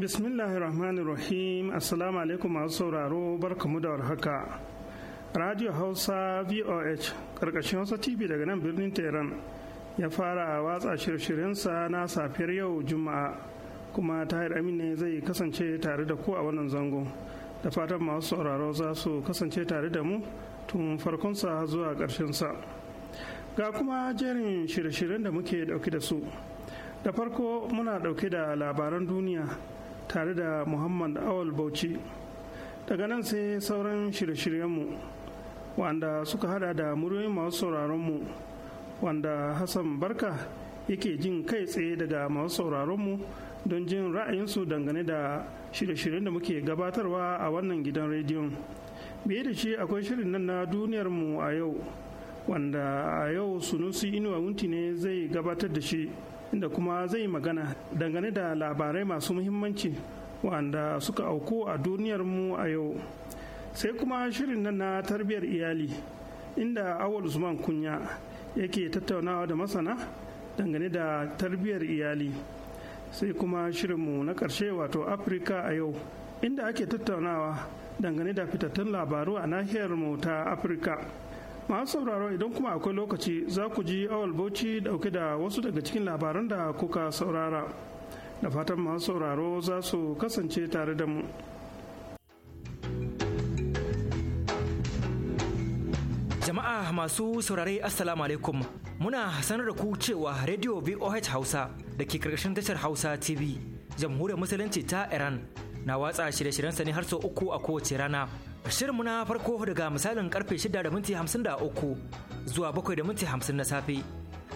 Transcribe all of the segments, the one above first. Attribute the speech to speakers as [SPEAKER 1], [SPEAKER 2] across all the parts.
[SPEAKER 1] Bismillahirrahmanirrahim Assalamu alaikum masu sauraro barkamu da warhaka. Radio Hausa VOH karkashin Hausa TV daga nan birnin Tehran ya fara watsa shirye-shiryensa na safiyar yau Juma'a kuma Tahir ne zai kasance tare da ku a wannan zango. Da fatan masu sauraro za su kasance tare da mu tun farkonsa zuwa sa. Ga kuma jerin shirye-shiryen da muke dauke da su. Da farko muna dauke da labaran duniya. tare da muhammad awal bauchi daga nan sai sauran shirye-shiryenmu wanda suka hada da muryoyin masu sauraronmu wanda hassan barka yake jin kai tsaye daga masu sauraronmu don jin ra'ayinsu dangane da shirye-shiryen da muke gabatarwa a wannan gidan rediyon biye da shi akwai shirin nan na duniyarmu a yau wanda a yau sunusi inuwa wunti ne zai gabatar da shi inda kuma zai magana dangane da labarai masu muhimmanci wanda suka auku a duniyar mu a yau sai kuma shirin nan na tarbiyyar iyali inda awal zuman kunya yake tattaunawa da masana dangane da tarbiyyar iyali sai kuma shirin mu na ƙarshe wato afirka a yau inda ake tattaunawa dangane da fitattun labaru a nahiyar mu ta afirka masu sauraro idan kuma akwai lokaci za ku ji awal bauchi dauke da wasu daga cikin labaran da kuka saurara da fatan masu sauraro za su kasance tare da mu
[SPEAKER 2] jama'a masu saurare assalamu alaikum muna sanar da ku cewa radio voh hausa da ke karkashin tashar hausa tv jamhuriyar musulunci ta iran na watsa shirye-shiryensa ne har sau uku a kowace rana Shirinmu na farko daga misalin karfe 6:53 da minti zuwa 7:50 da minti na safe.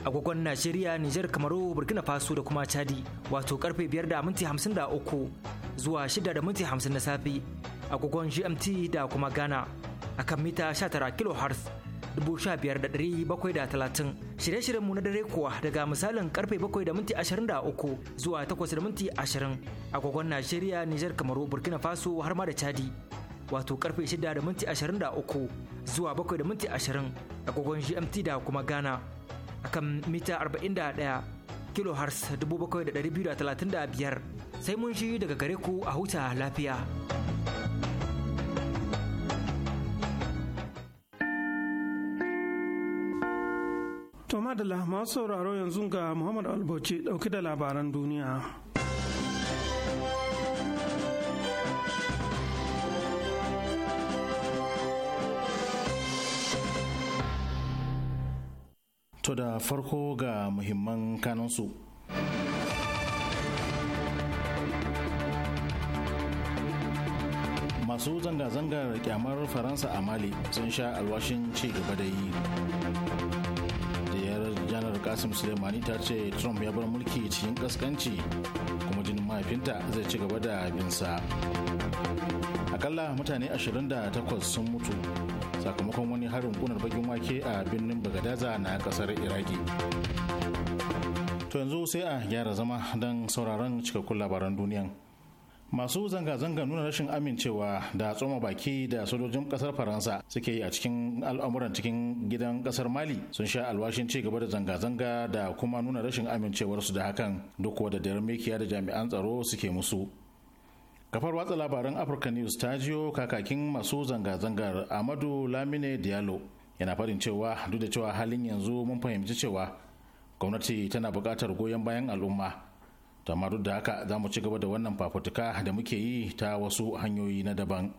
[SPEAKER 2] Agogon Najeriya, Nijar, Kamaru, Burkina Faso da kuma Chadi wato karfe 5:53 da minti zuwa 6:50 da minti na safe. Agogon GMT da kuma Ghana a kan mita 19 kHz 15730 shirye-shiryenmu na dare kuwa daga misalin karfe bakwai da minti uku zuwa takwas da minti ashirin agogon Najeriya, Nijar, Kamaru, Burkina Faso har ma da Chadi. wato karfe 6:23 da minti zuwa 7:20 da minti agogon GMT da kuma Ghana akan mita 41 kilohertz 7,235 sai mun shi daga gare ku a huta lafiya.
[SPEAKER 1] To madalla masu sauraro yanzu ga Muhammadu Albauchi dauke da labaran duniya.
[SPEAKER 3] To da farko ga muhimman kanansu. Masu zanga-zangar kyamar Faransa a Mali sun sha alwashin ci gaba da yi. Jiyar janar Kasim Suleimani ta ce Trump ya bar mulki cikin kaskanci kuma jinin mahaifinta zai ci gaba da binsa. akalla mutane 28 sun mutu sakamakon wani harin kunar bakin wake a birnin bagadaza na kasar iraki to yanzu sai a gyara zama don sauraron cikakkun labaran duniyan masu zanga-zanga nuna rashin amincewa da tsoma baki da sojojin kasar faransa suke yi a cikin al'amuran cikin gidan kasar mali sun sha alwashin ci gaba da zanga-zanga da kuma nuna rashin amincewarsu da hakan duk wadda da makiya da jami'an tsaro suke musu kafar watsa labaran africa news ta jiyo kakakin masu zanga-zangar amadu lamine diallo yana farin cewa duk da cewa halin yanzu mun fahimci cewa gwamnati tana buƙatar goyon bayan al'umma ta duk da haka za mu ci gaba da wannan fafutuka da muke yi ta wasu hanyoyi na daban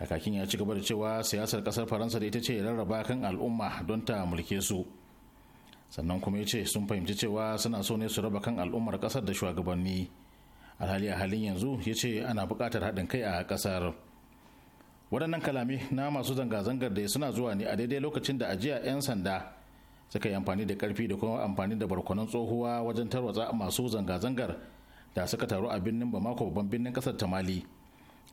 [SPEAKER 3] kakakin ya ci gaba da cewa siyasar kasar faransa da ita ce rarraba kan al'umma don ta mulke su sannan kuma ya ce sun fahimci cewa suna so ne su raba kan al'ummar kasar da shugabanni alhali a halin yanzu ya ce ana buƙatar haɗin kai a ƙasar waɗannan kalami na masu zanga-zangar da suna zuwa ne a daidai lokacin da ajiya 'yan sanda suka yi amfani da ƙarfi da kuma amfani da barkonon tsohuwa wajen tarwatsa masu zanga-zangar da suka taru a birnin bamako babban birnin ƙasar ta mali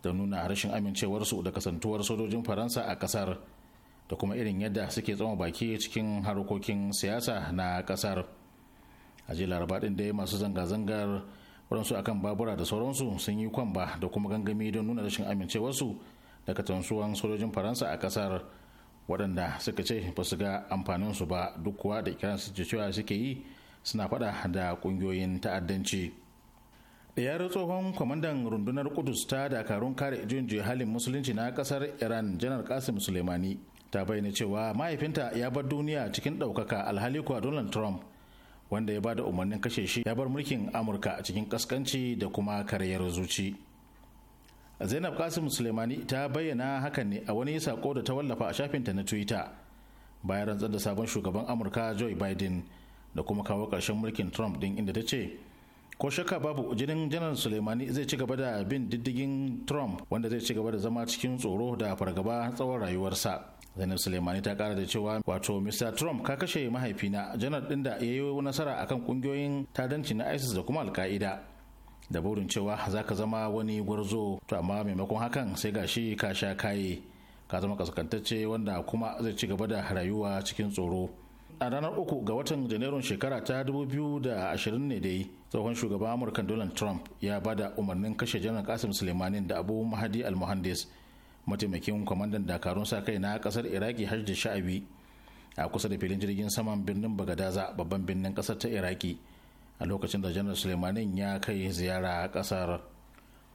[SPEAKER 3] da nuna rashin amincewarsu da kasantuwar sojojin faransa a ƙasar da kuma irin yadda suke tsoma baki cikin harkokin siyasa na ƙasar a laraba ɗin dai masu zanga-zangar waɗansu akan babura da sauransu sun yi kwamba da kuma gangami don nuna rashin amincewarsu da katansuwan sojojin faransa a kasar waɗanda suka ce ba su ga amfaninsu ba duk kuwa da kiran su cewa suke yi suna faɗa da ƙungiyoyin ta'addanci ɗayar tsohon kwamandan rundunar kudus ta dakarun kare juyin halin musulunci na ƙasar iran janar kasim suleimani ta bayyana cewa mahaifinta ya bar duniya cikin ɗaukaka alhali kuwa donald trump wanda ya bada umarnin kashe shi ya bar mulkin amurka a cikin kaskanci da kuma karyar zuci zainab kasim sulemani ta bayyana hakan ne a wani sako da ta wallafa a shafinta na twitter bayan rantsar da sabon shugaban amurka joe biden da kuma kawo ƙarshen mulkin trump din inda ta ce ko shakka babu jinin janar suleimani zai ci gaba da bin diddigin trump wanda zai ci gaba da zama cikin tsoro da fargaba tsawon rayuwarsa zainab suleimani ta kara da cewa wato mr trump ka kashe mahaifina janar din da ya yi nasara akan kungiyoyin tadanci na isis da kuma alka'ida da burin cewa za ka zama wani gwarzo to amma maimakon hakan sai gashi ka sha kaye ka zama kaskantacce wanda kuma zai ci gaba da rayuwa cikin tsoro a ranar uku ga watan janairun shekara ta 2020 ne dai tsohon shugaban amurka donald trump ya bada umarnin kashe janar kasim suleimani da abu mahadi almuhandis mataimakin kwamandan dakarun sa kai na kasar iraki da sha'abi a kusa da filin jirgin saman birnin bagadaza babban birnin kasar ta iraki a lokacin da janar suleimani ya kai ziyara kasar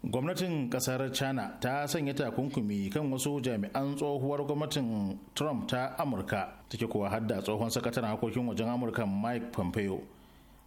[SPEAKER 3] gwamnatin kasar china ta sanya takunkumi kan wasu jami'an tsohuwar gwamnatin trump ta amurka take kuwa hadda tsohon sakataren harkokin wajen amurka mike pompeo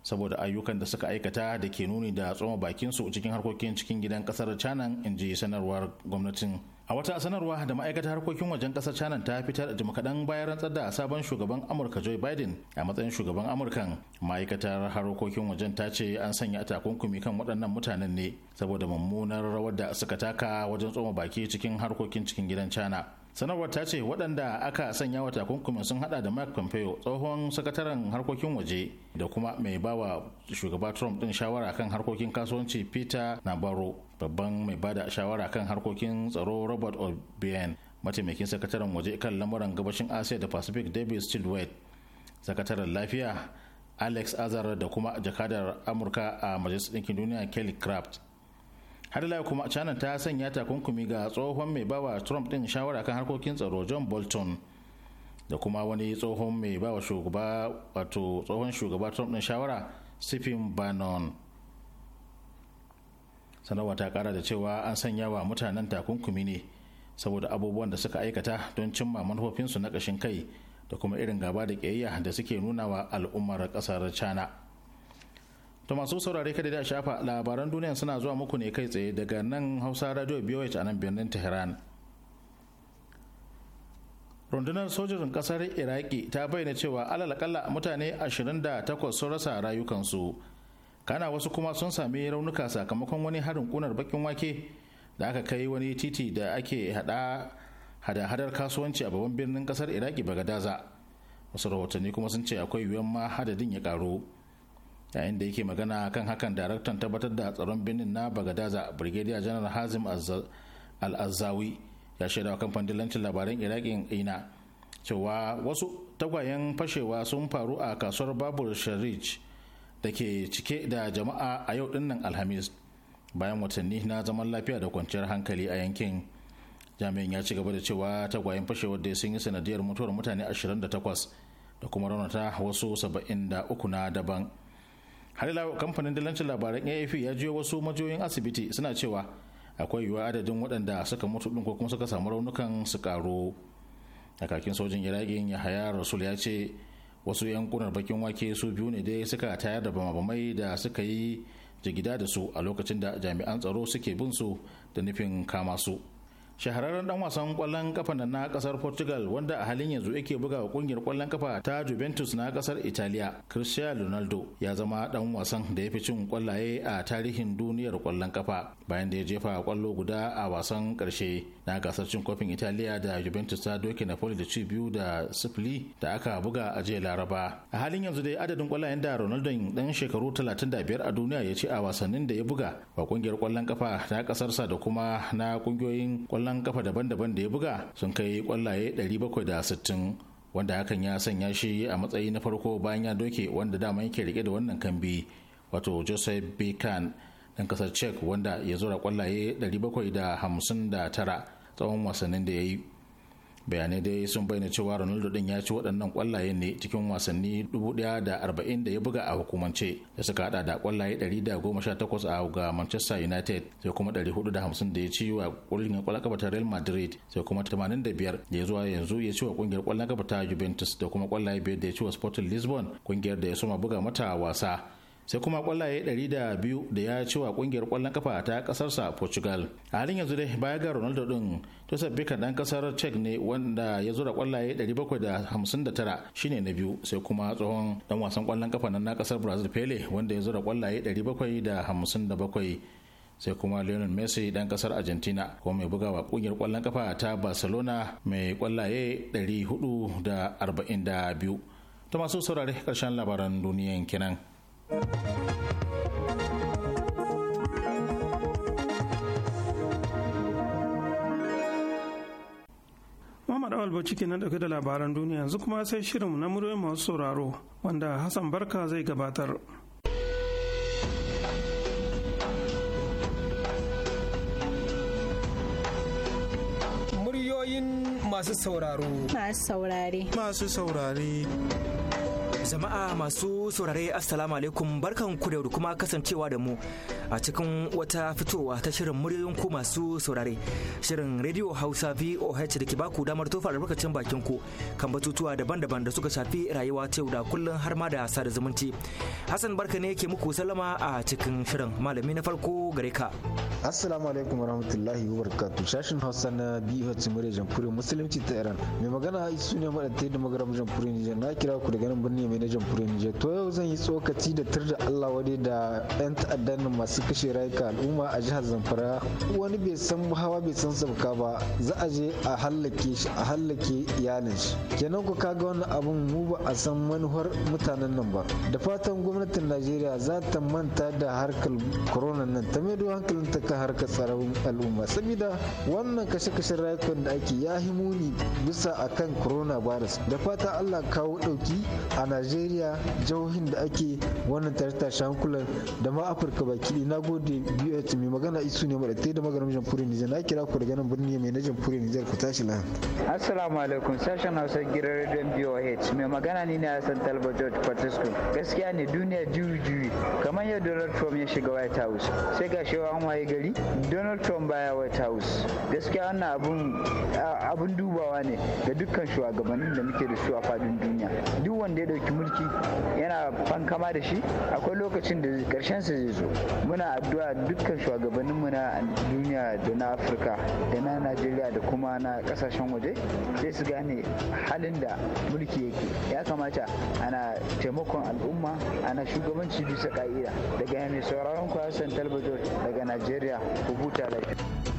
[SPEAKER 3] saboda ayyukan da suka aikata da ke nuni da tsoma bakinsu cikin harkokin cikin gidan kasar china in ji sanarwar gwamnatin a wata sanarwa da ma'aikatar harkokin wajen kasar china ta fitar da kaɗan bayan rantsar da sabon shugaban amurka joe biden a matsayin shugaban amurkan ma'aikatar harkokin wajen ta ce an sanya takunkumi kan waɗannan mutanen ne saboda mummunar rawar da suka taka wajen tsoma baki cikin harkokin cikin gidan china sanarwar ta ce waɗanda aka sanya wa takunkumin sun haɗa da Mike pompeo tsohon sakataren harkokin waje da kuma mai bawa shugaba trump ɗin shawara kan harkokin kasuwanci peter nabaro babban mai bada shawara kan harkokin tsaro robert o'brien mataimakin sakataren waje kan lamuran gabashin asia da pacific david stewart sakataren lafiya alex azar da kuma jakadar amurka a majalisar ɗinkin duniya kelly craft har ila kuma china ta sanya takunkumi ga tsohon mai bawa trump din shawara kan harkokin tsaro john bolton da kuma wani tsohon mai bawa shugaba wato tsohon shugaba trump din shawara stephen bannon sanarwa ta kara da cewa an sanya wa mutanen takunkumi ne saboda abubuwan da suka aikata don cimma manufofinsu na ƙashin kai da kuma irin gaba da ƙiyayya da suke nuna wa al'ummar ƙasar china to masu saurare kada da shafa labaran duniya suna zuwa muku ne kai tsaye daga nan hausa radio biyu a nan birnin tehran rundunar sojojin kasar iraki ta bayyana cewa alalakalla mutane 28 sun rasa rayukansu kana wasu kuma sun sami raunuka sakamakon wani harin kunar bakin wake da aka kai wani titi da ake hada hada-hadar kasuwanci a babban birnin kasar iraki bagadaza wasu rahotanni kuma sun ce akwai yiwuwar ma hadadin ya karu yayin da yake magana kan hakan daraktan tabbatar da tsaron birnin na bagadaza brigadier general hazim al-azawi ya wa kamfanin dillancin labaran iraki ina cewa wasu tagwayen fashewa sun faru a kasuwar babur sharich da ke cike da jama'a a yau dinnan alhamis bayan watanni na zaman lafiya da kwanciyar hankali a yankin jami'in ya ci gaba da cewa tagwayen fashewar da sun yi sanadiyar mutuwar mutane 28 da kuma raunata wasu 73 na daban har kamfanin dalancin labaran afp ya jiyo wasu majiyoyin asibiti suna cewa akwai yiwuwa adadin waɗanda suka mutu ɗin ko kuma suka samu raunukan su karo kakakin sojin iraki yahaya rasul ya ce wasu 'yan kunar bakin wake su biyu ne dai suka tayar da bamabamai da suka yi jigida da su a lokacin da jami'an tsaro suke bin su da nufin kama su shahararren dan wasan kwallon kafa na kasar portugal wanda a halin yanzu yake buga wa kungiyar kwallon kafa ta juventus na kasar italiya cristiano ronaldo ya zama dan wasan da ya fi cin kwallaye a tarihin duniyar kwallon kafa bayan da ya jefa kwallo guda a wasan karshe na gasar cin kofin italiya da juventus ta doke napoli da ci biyu da sifili da aka buga a jiya laraba a halin yanzu dai adadin kwallayen da ronaldo dan shekaru 35 a duniya ya ci a wasannin da ya buga wa kungiyar kwallon kafa ta kasarsa da kuma na kungiyoyin kwallon kwallon kafa daban-daban da ya buga sun kai ƙwallaye 760 wanda hakan ya sanya shi a matsayi na farko bayan ya doke wanda dama yake rike da wannan kambi wato joseph b khan kasar czech wanda ya zura ƙwallaye 759 tsawon wasannin da ya yi bayanai dai sun bayyana cewa ronaldo din ya ci waɗannan kwallaye ne cikin wasanni 1040 da ya buga a hukumance da suka hada da kwallaye 118 a ga manchester united sai kuma 450 da ya ci wa kungiyar kwallon kafa ta real madrid sai kuma 85 da ya zuwa yanzu ya ci wa kungiyar kwallon kafa ta juventus da kuma kwallaye biyar da ya ci wa sporting lisbon kungiyar da ya soma buga mata wasa sai kuma kwallaye 200 da ya ci wa kungiyar kwallon kafa ta kasarsa portugal a halin yanzu dai baya ga ronaldo din joseph bika dan kasar czech ne wanda ya zura kwallaye 759 shine na biyu sai kuma tsohon dan wasan kwallon kafa na kasar brazil pele wanda ya zura kwallaye 757 sai kuma Lionel Messi dan kasar Argentina kuma mai bugawa kungiyar kwallon kafa ta Barcelona mai kwallaye 442. Ta masu saurare karshen labaran duniyan kenan.
[SPEAKER 1] Muhammad Awal Bauchi ke nan dauke da labaran duniya yanzu kuma sai shirinmu na muryoyin masu sauraro wanda Hassan Barka zai gabatar.
[SPEAKER 2] Muryoyin masu sauraro.
[SPEAKER 4] Masu saurare.
[SPEAKER 2] Masu saurare. Jama'a masu saurare Assalamu alaikum barkan ku da kuma kasancewa da mu a cikin wata fitowa ta shirin muryoyin ku masu saurare. Shirin Radio Hausa VOH da ke baku damar tofa albarkacin bakin ku kan batutuwa daban-daban da suka shafi rayuwa ta da kullum har ma da sada zumunci. Hassan barka ne ke muku sallama a cikin shirin malami na farko gare ka.
[SPEAKER 5] Assalamu alaikum warahmatullahi wabarakatuh. Sashin Hausa na BOH Murya Jamhuriyar Musulunci ta Iran. Mai magana isu ne yi da magana Jamhuriyar Nijar na kira ku da ganin birni Yamai na jamhuriyar Nijar. To yau zan yi tsokaci da tarda Allah wadai da 'yan ta'addan masu kashe rayuka al'umma a jihar Zamfara. Wani bai san hawa bai san sabka ba za a je a hallake shi a hallake iyalin shi. Kenan ku kaga wannan abun mu ba a san manuwar mutanen nan ba. Da fatan gwamnatin Najeriya za ta manta da harkar corona nan ta maido ta kan harkar tsaron al'umma. Sabida wannan kashe-kashen rayukan da ake ya muni bisa akan corona virus. Da fata Allah kawo ɗauki a najeriya jihohin da ake wannan tashe-tashen da ma afirka baki na gode bh mai magana isu ne maɗa da maganin jamhuriyar nijar na kira ku daga nan birni mai na jamhuriyar nijar ku tashi lahan assalamu alaikum sashen hausa gidan rediyon boh mai magana ne a san talba george patrisco gaskiya ne duniya juyi-juyi kamar yadda donald trump ya shiga white house sai ga shi an waye gari donald trump baya white house gaskiya wannan abun dubawa ne ga dukkan shugabannin da muke da su a fadin duniya duk wanda ya ɗauki mulki yana fankama da shi akwai lokacin da karshen sa zai zo muna addu'a dukkan shugabannin mu na duniya da na Afirka da na Najeriya da kuma na kasashen waje sai su gane halin da mulki yake ya kamata ana taimakon al'umma ana shugabanci bisa ka'ida daga mai sauraron kwasan talbajor daga Najeriya ku buta lafiya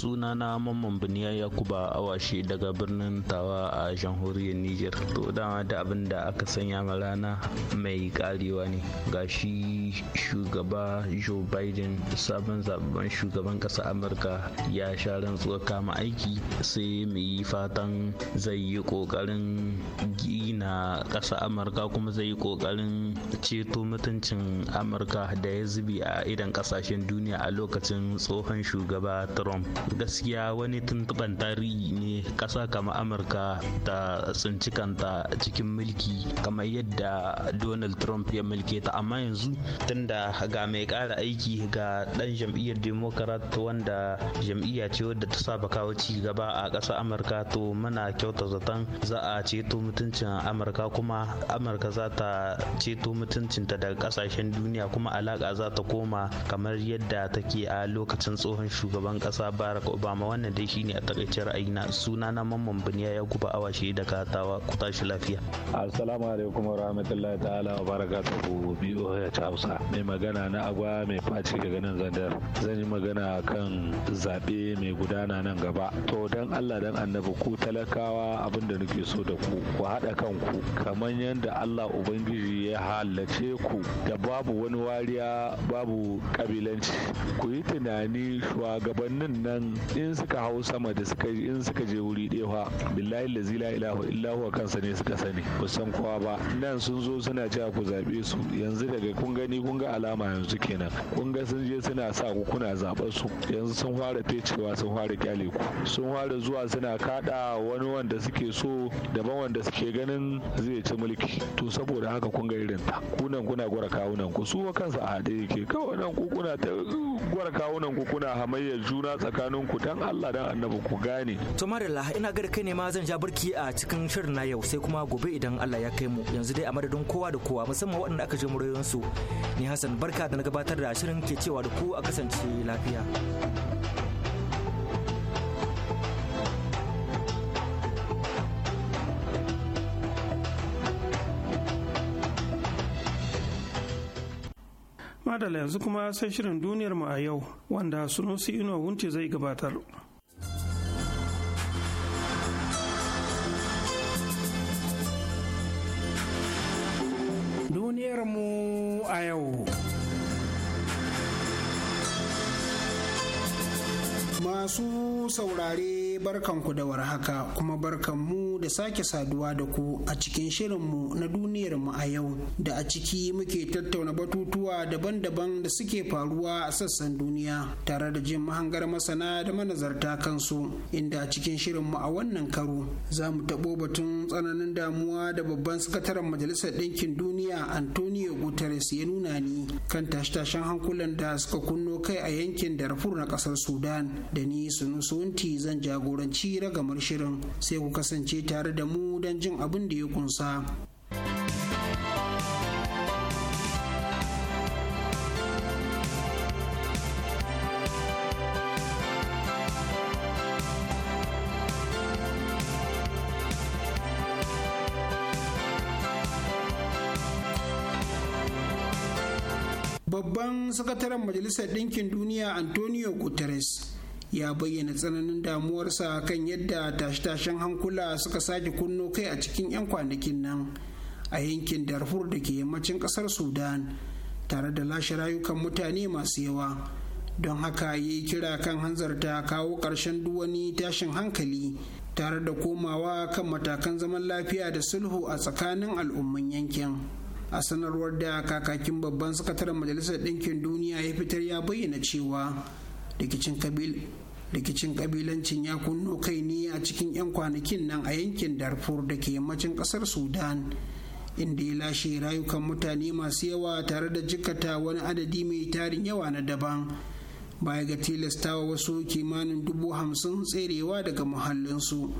[SPEAKER 6] sunana mamman biniya yakuba awashi daga birnin tawa a jamhuriyar niger to dama da abin da aka sanya ma rana mai karewa ne gashi shugaba joe biden sabon zababban shugaban ƙasar amurka ya sha rantsuwa kama aiki sai mu yi fatan zai yi ƙoƙarin gina kasa amurka kuma zai yi ƙoƙarin ceto mutuncin amurka da ya zubi a idan kasashen duniya a lokacin tsohon shugaba trump gaskiya wani tuntuban tarihi ne ƙasa kama amurka ta tsinci kanta cikin mulki kamar yadda donald trump ya mulke ta amma yanzu tunda ga mai ƙara aiki ga ɗan jam'iyyar democrat wanda jam'iyya ce wadda ta saba kawo ci gaba a ƙasar amurka to muna kyauta zaton za a ceto mutuncin amurka kuma amurka za ta ceto mutuncinta daga ƙasashen duniya kuma alaƙa za ta koma kamar yadda take a lokacin tsohon shugaban ƙasa bara barack obama wannan dai shine a takaice ra'ayina suna na mamman biniya ya guba awa shi daga tawa ku tashi lafiya assalamu alaikum wa rahmatullahi ta'ala wa barakatuhu boh hausa mai magana na agwa mai faci daga nan zandar zan yi magana kan zaɓe mai gudana nan gaba to dan allah dan annabi ku talakawa abin da nake so da ku ku haɗa kanku kamar yadda allah ubangiji ya halace ku da babu wani wariya babu kabilanci ku yi tunani shugabannin nan in suka hau sama da suka in suka je wuri ɗaya fa billahi lazi la ilaha illahu kansa ne suka sani ba san kowa ba nan sun zo suna cewa ku zaɓe su yanzu daga kun gani kun ga alama yanzu kenan kun ga sun je suna sa ku kuna zaɓar su yanzu sun fara fecewa sun fara kyale ku sun fara zuwa suna kada wani wanda suke so daban wanda suke ganin zai ci mulki to saboda haka kun ga irin ta kunan kuna gwara kawunan ku su kansa a haɗe
[SPEAKER 2] yake kawai nan ku kuna ta gwara kawunan ku kuna hamayyar juna tsakanin ku dan Allah dan annabi ku gane. To Marilla ina ga kai ne ma zan ja barki a cikin shirin na yau sai kuma gobe idan Allah ya kai mu yanzu dai a madadin kowa da kowa musamman waɗanda aka je murayoyin su ni Hassan barka da na gabatar da shirin ke cewa da ku a kasance lafiya.
[SPEAKER 1] Madala yanzu kuma sai shirin duniyar mu a yau wanda Sunusi Ino wunce zai gabatar.
[SPEAKER 6] Duniyar mu a yau.
[SPEAKER 7] Masu saurare barkanku da warhaka kuma barkanmu da sake saduwa da ku a cikin shirinmu na duniyarmu a yau da a ciki muke tattauna batutuwa daban-daban da suke faruwa a sassan duniya tare da jin mahangar masana da manazarta kansu inda a cikin shirinmu a wannan karo za mu taɓo batun tsananin damuwa da babban sakataren majalisar ɗinkin duniya antonio guterres ya nuna ni kan tashe-tashen hankulan da suka kunno kai a yankin darfur na ƙasar sudan da ni sunusunti zan jago jagoranci ragamar shirin sai ku kasance tare da mu don jin abin da ya kunsa. babban sakataren majalisar ɗinkin duniya antonio guterres ya bayyana tsananin damuwarsa kan yadda tashe-tashen hankula suka sake kunno kai a cikin 'yan kwanakin nan a yankin darfur da ke yammacin kasar sudan tare da lashe rayukan mutane masu yawa don haka ya yi kira kan hanzarta kawo ƙarshen duwani tashin hankali tare da komawa kan matakan zaman lafiya da sulhu a tsakanin al'umman yankin a sanarwar da kakakin babban sakataren majalisar ɗinkin duniya ya fitar ya bayyana cewa rikicin rikicin kabilancin ya kunno kai ne a cikin 'yan kwanakin nan a yankin darfur da ke yammacin kasar sudan inda ya lashe rayukan mutane masu yawa tare da jikata wani adadi mai tarin yawa na daban baya ga tilastawa wasu kimanin dubu hamsin tserewa daga muhallinsu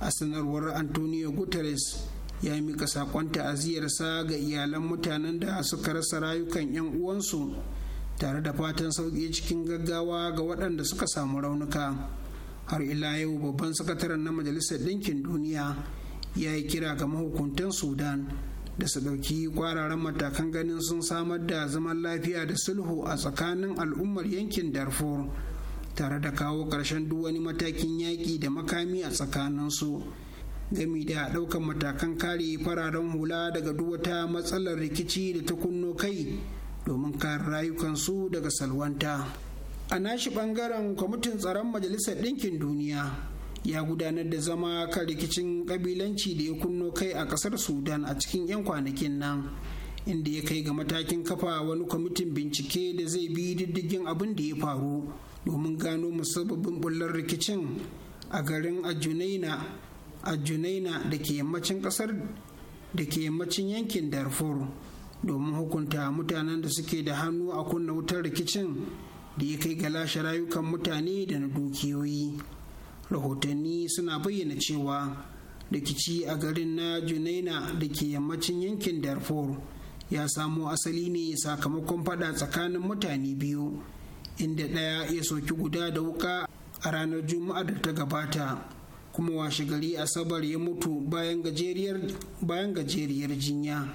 [SPEAKER 7] a sanarwar antonio guterres ya mika saƙon ta'aziyarsa ga iyalan mutanen da suka rasa rayukan 'yan uwansu tare da fatan sauƙi cikin gaggawa ga waɗanda suka samu raunuka har ila yau babban sakataren na majalisar ɗinkin duniya ya yi kira ga mahukuntan sudan da su ɗauki kwararan matakan ganin sun samar da zaman lafiya da sulhu a tsakanin al'ummar yankin darfur tare da kawo ƙarshen duk wani matakin yaƙi da makami a tsakaninsu gami da ɗaukan matakan kare fararen hula daga duk wata matsalar rikici da ta kunno kai domin kare rayukansu daga salwanta a nashi bangaren kwamitin tsaron majalisar ɗinkin duniya ya gudanar da zama kan rikicin ƙabilanci da ya kunno kai a ƙasar sudan a cikin 'yan kwanakin nan inda ya kai ga matakin kafa wani kwamitin bincike da zai bi diddigin abin da ya faru domin gano musabbabin bullar rikicin a garin ajunaina ajunaina da kasar da ke yammacin yankin darfur domin hukunta mutanen da suke da hannu a kunna wutar rikicin da ya kai ga lashe rayukan mutane da na dukiyoyi rahotanni suna bayyana cewa rikici a garin na junaina da ke yammacin yankin darfur ya samo asali ne sakamakon fada tsakanin mutane biyu inda ɗaya ya soki guda da wuka a ranar juma'a da ta gabata kuma washe gari asabar ya mutu bayan gajeriyar jinya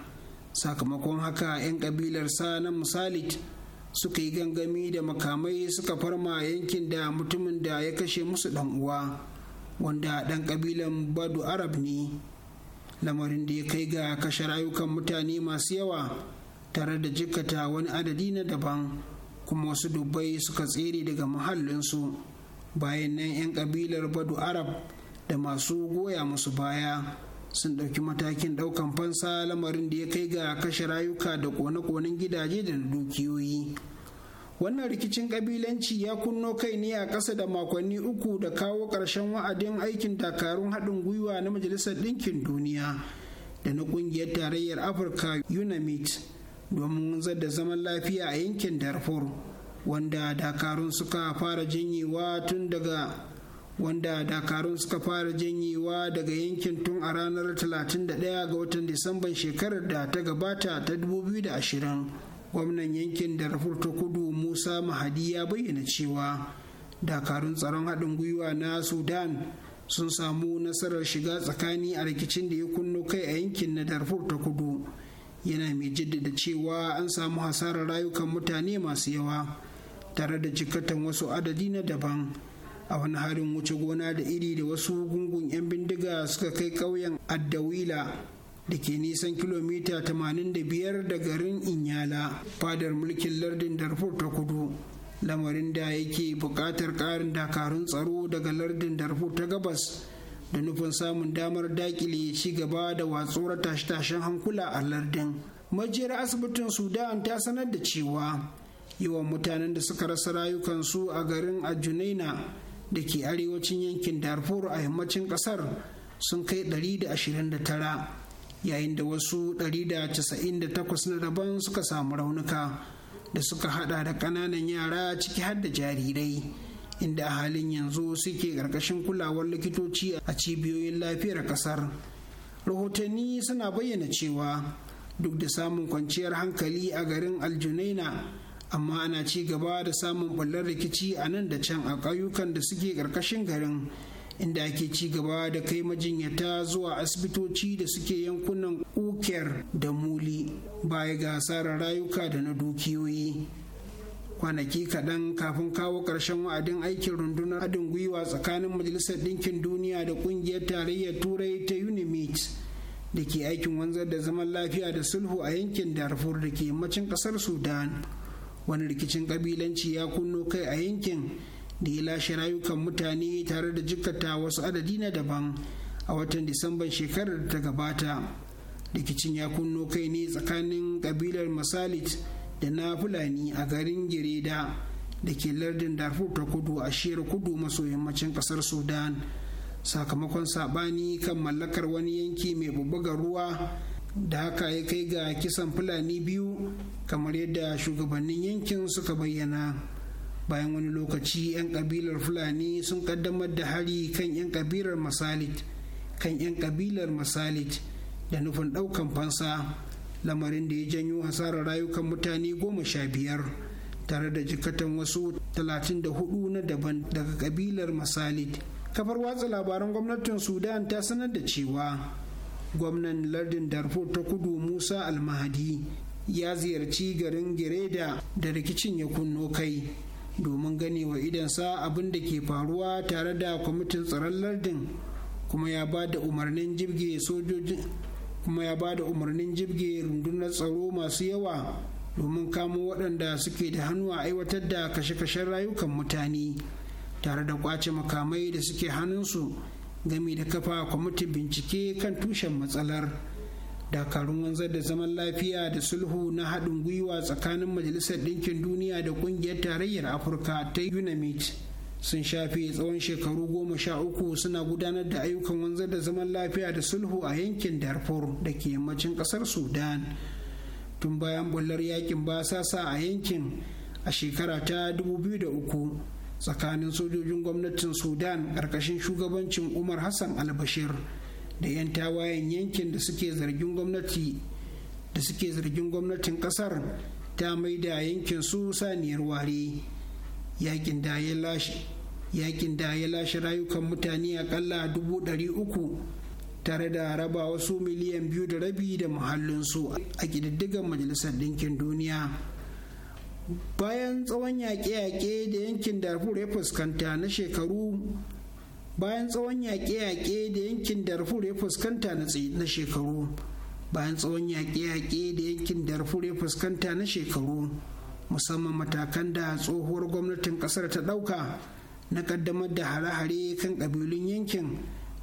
[SPEAKER 7] sakamakon haka 'yan kabilar sa na musalit suka yi gangami da makamai suka farma yankin da mutumin da ya kashe musu dan uwa wanda dan kabilan badu arab ne lamarin da ya kai ga kashe rayukan mutane masu yawa tare da jikata wani adadi na daban kuma wasu dubbai suka tsere daga mahallinsu bayan nan 'yan kabilar badu arab da masu goya musu baya sun ɗauki matakin ɗaukan fansa lamarin da ya kai ga kashe rayuka da kone-konen gidaje da dukiyoyi wannan rikicin kabilanci ya kunno kai ne a ƙasa da makonni uku da kawo ƙarshen wa'adin aikin dakarun haɗin gwiwa na majalisar ɗinkin duniya da na ƙungiyar tarayyar afirka unamit domin wanzar da zaman lafiya a yankin darfur wanda dakarun suka fara janyewa tun daga wanda dakarun suka fara janyewa daga yankin tun a ranar 31 ga watan disamban shekarar da ta gabata ta 2020 gwamnan yankin da ta kudu musa mahadi ya bayyana cewa dakarun tsaron haɗin gwiwa na sudan sun samu nasarar shiga tsakani a rikicin da ya kunno kai a yankin na darfur ta kudu yana mai jaddada cewa an samu hasarar rayukan mutane masu yawa tare da jikatan wasu adadi na daban a wani harin wuce gona da iri da wasu gungun 'yan bindiga suka kai ƙauyen addawila da ke nisan kilomita 85 da garin inyala fadar mulkin lardin darfur ta kudu lamarin da yake buƙatar ƙarin dakarun tsaro daga lardin darfur ta gabas da nufin samun damar dakile ci gaba da watsuwar tashe-tashen hankula a lardin majiyar asibitin sudan ta sanar da cewa yawan mutanen da suka rasa rayukansu a garin ajunaina da ke arewacin yankin darfur a yammacin kasar sun kai 129 yayin da wasu 198 na daban suka samu raunuka da suka hada da kananan yara ciki har da jarirai inda a halin yanzu suke ƙarƙashin kulawar likitoci a cibiyoyin lafiyar kasar rahotanni suna bayyana cewa duk da samun kwanciyar hankali a garin aljunaina amma ana ci gaba da samun bullar rikici a nan da can a ƙauyukan da suke ƙarƙashin garin inda ake ci gaba da kai majinyata zuwa asibitoci da suke yankunan uker da muli baya ga asarar rayuka da na dukiyoyi kwanaki kaɗan kafin kawo ƙarshen wa'adin aikin rundunar haɗin gwiwa tsakanin majalisar ɗinkin duniya da ƙungiyar tarayyar turai ta unimit da ke aikin wanzar da zaman lafiya da sulhu a yankin darfur da ke yammacin ƙasar sudan wani rikicin kabilanci ya kunno kai a yankin da ya lashe rayukan mutane tare da jikata wasu adadi na daban a watan disamban shekarar da ta gabata rikicin ya kunno kai ne tsakanin kabilar masalit da na fulani a garin gereda da ke lardin darfur ta kudu a shiyar kudu maso yammacin kasar sudan sakamakon sabani kan mallakar wani yanki mai bubbugar ruwa da haka ya kai ga kisan fulani biyu kamar yadda shugabannin yankin suka bayyana bayan wani lokaci 'yan kabilar fulani sun kaddamar da hari kan 'yan kabilar masalit kan 'yan kabilar masalit da nufin daukan fansa lamarin da ya janyo hasarar rayukan mutane goma sha biyar tare da jikatan wasu talatin da 34 na daban daga kabilar masalit kafar watsa labaran gwamnatin sudan ta sanar da cewa gwamnan lardin darfur ta kudu musa almahadi ya ziyarci garin gereda da rikicin ya kunno kai domin ganewa idansa abin da ke faruwa tare da kwamitin tsaron lardin kuma ya ba da umarnin jirge sojojin kuma ya ba da umarnin rundunar tsaro masu yawa domin kamo waɗanda suke da hannu a aiwatar da kashe-kashen rayukan mutane tare da kwace makamai da suke hannunsu gami da kafa kwamitin bincike kan tushen matsalar dakarun wanzar da zaman lafiya da sulhu na haɗin gwiwa tsakanin majalisar ɗinkin duniya da ƙungiyar tarayyar afirka ta unamit sun shafe tsawon shekaru goma sha uku suna gudanar da ayyukan wanzar da zaman lafiya da sulhu a yankin darfur da ke yammacin ƙasar sudan tun bayan bullar yakin basasa a yankin a shekara ta 2003 tsakanin sojojin gwamnatin sudan ƙarƙashin shugabancin umar hassan albashir da 'yan tawayen yankin da suke zargin gwamnati da suke zargin gwamnatin ƙasar ta mai da yankin su saniyar ware yakin da ya lashe rayukan mutane akalla dubu ɗari uku tare da raba wasu miliyan biyu da rabi da muhallinsu a ƙididdigar majalisar ɗinkin duniya bayan tsawon yaƙe-yaƙe da yankin darfur ya fuskanta na shekaru bayan tsawon yaƙe-yaƙe da yankin darfur ya fuskanta na shekaru bayan tsawon yaƙe-yaƙe da yankin darfur ya fuskanta na shekaru musamman matakan da tsohuwar gwamnatin ƙasar ta ɗauka na ƙaddamar da hare-hare kan ƙabilun yankin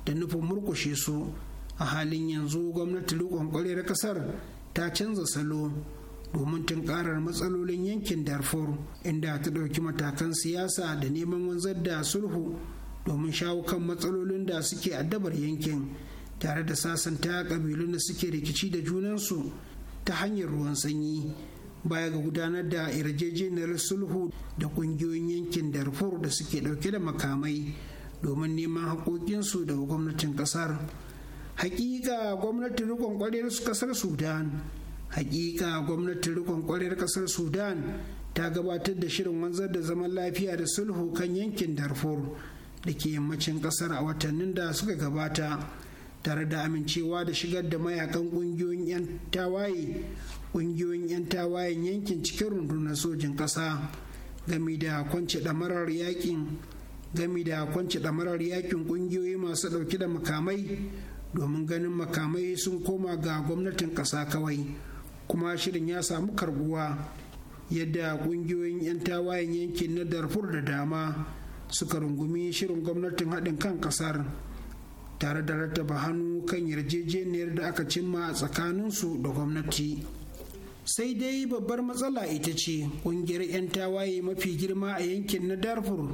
[SPEAKER 7] da nufin murƙushe su a halin yanzu gwamnati riƙon ƙwarar ƙasar ta canza salo domin tunkarar matsalolin yankin darfur inda ta ɗauki matakan siyasa da neman wanzar da sulhu domin shawo kan matsalolin da suke addabar yankin tare da sasanta ƙabilun da suke rikici da junansu ta hanyar ruwan sanyi baya ga gudanar da yarjejeniyar sulhu da ƙungiyoyin yankin darfur da suke ɗauke da makamai domin neman haƙoƙinsu daga gwamnatin ƙasar hakika gwamnatin riƙon ƙwarewar ƙasar sudan hakika gwamnatin rikon kwarar kasar sudan ta gabatar da shirin wanzar da zaman lafiya da sulhu kan yankin darfur da ke yammacin kasar a watannin da suka gabata tare da amincewa da shigar da mayakan kungiyoyin 'yan tawaye kungiyoyin 'yan tawayen yankin cikin rundunar sojin kasa gami da kwance damarar yakin gami da kwance damarar yakin kungiyoyi masu dauke da makamai domin ganin makamai sun koma ga gwamnatin kasa kawai kuma shirin ya samu karbuwa yadda kungiyoyin 'yan tawayen yankin na darfur da dama suka rungumi shirin gwamnatin haɗin kan ƙasar tare da rattaba hannu kan yarjejeniyar da aka cimma a tsakaninsu da gwamnati sai dai babbar matsala ita ce ƙungiyar 'yan tawaye mafi girma a yankin na darfur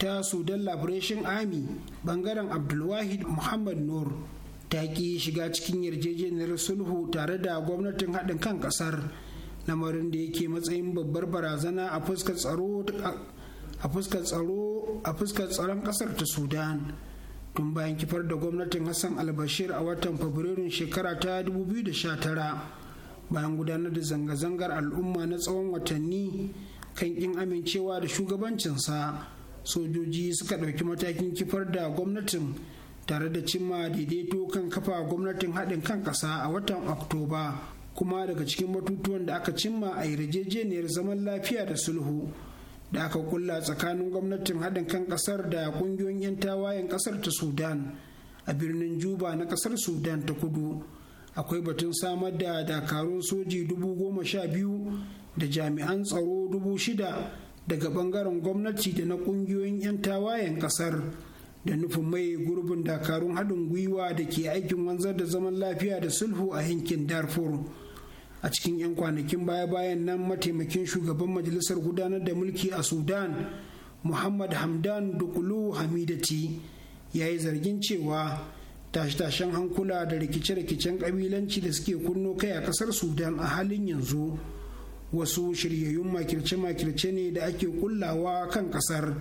[SPEAKER 7] ta sudan liberation Ami bangaren abdulwahid muhammad nur ta ƙi shiga cikin yarjejeniyar sulhu tare da gwamnatin haɗin kan ƙasar lamarin da yake matsayin babbar barazana a fuskar tsaro a fuskar tsaron ƙasar ta sudan tun bayan kifar da gwamnatin hassan albashir a watan fabrairun shekara ta 2019 bayan gudanar da zanga-zangar al'umma na tsawon watanni kan ƙin amincewa da shugabancinsa sojoji suka ɗauki matakin kifar da gwamnatin tare da cimma daidaito kan kafa gwamnatin haɗin kan ƙasa a watan oktoba kuma daga cikin batutuwan da aka cimma a yarjejeniyar zaman lafiya da sulhu da aka kulla tsakanin gwamnatin haɗin kan ƙasar da ƙungiyoyin 'yan tawayen ƙasar ta sudan a birnin juba na ƙasar sudan ta kudu akwai batun samar da dakarun soji dubu goma sha biyu da jami'an tsaro dubu shida daga ɓangaren gwamnati da na ƙungiyoyin 'yan tawayen ƙasar. da nufin mai gurbin dakarun haɗin gwiwa da ke aikin wanzar da zaman lafiya da sulhu a yankin darfur a cikin 'yan kwanakin baya-bayan nan mataimakin shugaban majalisar gudanar da mulki a sudan muhammad hamdan dukulu hamidati ya yi zargin cewa tashe-tashen hankula da rikice-rikicen kabilanci da suke kunno kai a kasar sudan a halin yanzu wasu shiryayyun makirce-makirce ne da ake kullawa kan kasar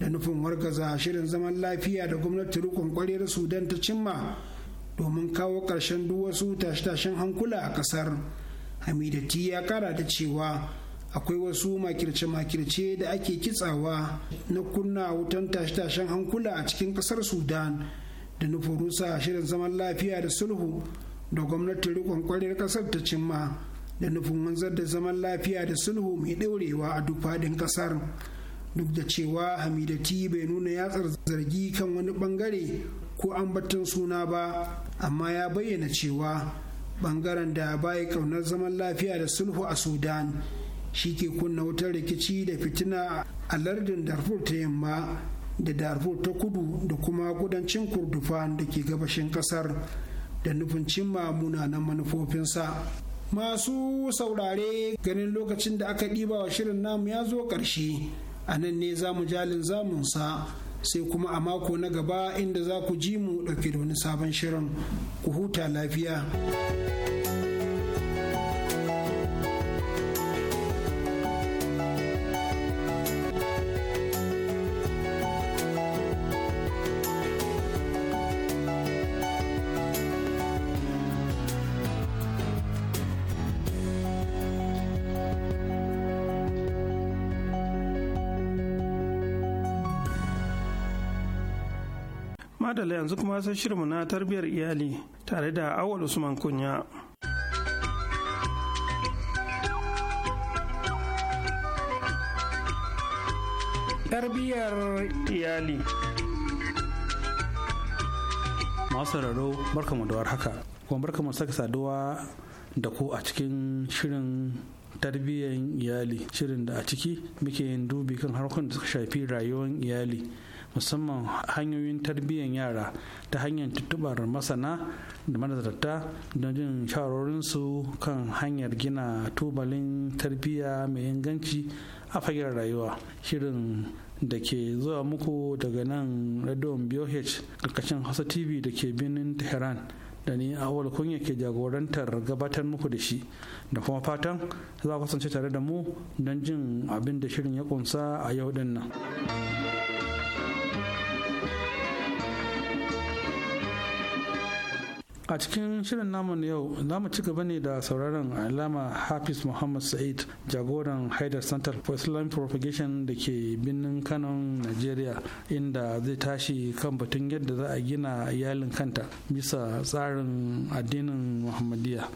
[SPEAKER 7] da nufin wargaza shirin zaman lafiya da gwamnati rikon kwarewar sudan ta cimma domin kawo ƙarshen duk wasu tashe-tashen hankula a ƙasar hamidati ya kara da cewa akwai wasu makirce-makirce da ake kitsawa na kunna wutan tashe-tashen hankula a cikin ƙasar sudan da nufin rusa shirin zaman lafiya da sulhu da gwamnati rukun kwarar ƙasar ta cimma da nufin wanzar da zaman lafiya da sulhu mai ɗorewa a duk faɗin ƙasar. duk da cewa hamidati bai nuna yatsar zargi kan wani bangare ko ambaton suna ba amma ya bayyana cewa bangaren da baya kaunar zaman lafiya da sulhu a sudan shi ke kunna wutar rikici da fitina a lardin darfur ta yamma da darfur ta kudu da kuma kudancin kurdufan da ke gabashin kasar da nufin cimma munanan manufofinsa masu saurare ganin lokacin da aka ɗiba wa shirin namu ya zo ƙarshe a nan ne za mu jalin zamunsa sai kuma a mako na gaba inda za ku ji mu ɗauke da wani sabon shirin ku huta lafiya.
[SPEAKER 1] madala yanzu kuma sai shirinmu na tarbiyar iyali tare da awal usman kunya
[SPEAKER 4] tarbiyyar iyali masu sauraro barkamu da haka kuma barkamu saka saduwa da ku a cikin shirin tarbiyyar iyali shirin da a ciki muke yin dubi kan harkokin da suka shafi rayuwar iyali musamman hanyoyin tarbiyyar yara ta hanyar tuttubar masana da manazarta don jin shawarorinsu kan hanyar gina tubalin tarbiyya mai inganci a fagen rayuwa shirin da ke zuwa muku daga nan radon boh karkashin hausa tv da ke birnin tehran da ni awal kunya ke jagorantar gabatar muku da shi da kuma fatan za ku kasance tare da mu don jin abin da shirin ya kunsa a yau din nan. a cikin shirin namu na yau za mu ci gaba ne da sauraron alama hafiz muhammad sa'id jagoran haidar center for islamic propagation da ke birnin kanon nigeria inda zai tashi kan batun yadda za a gina iyalin kanta bisa tsarin addinin muhammadiyya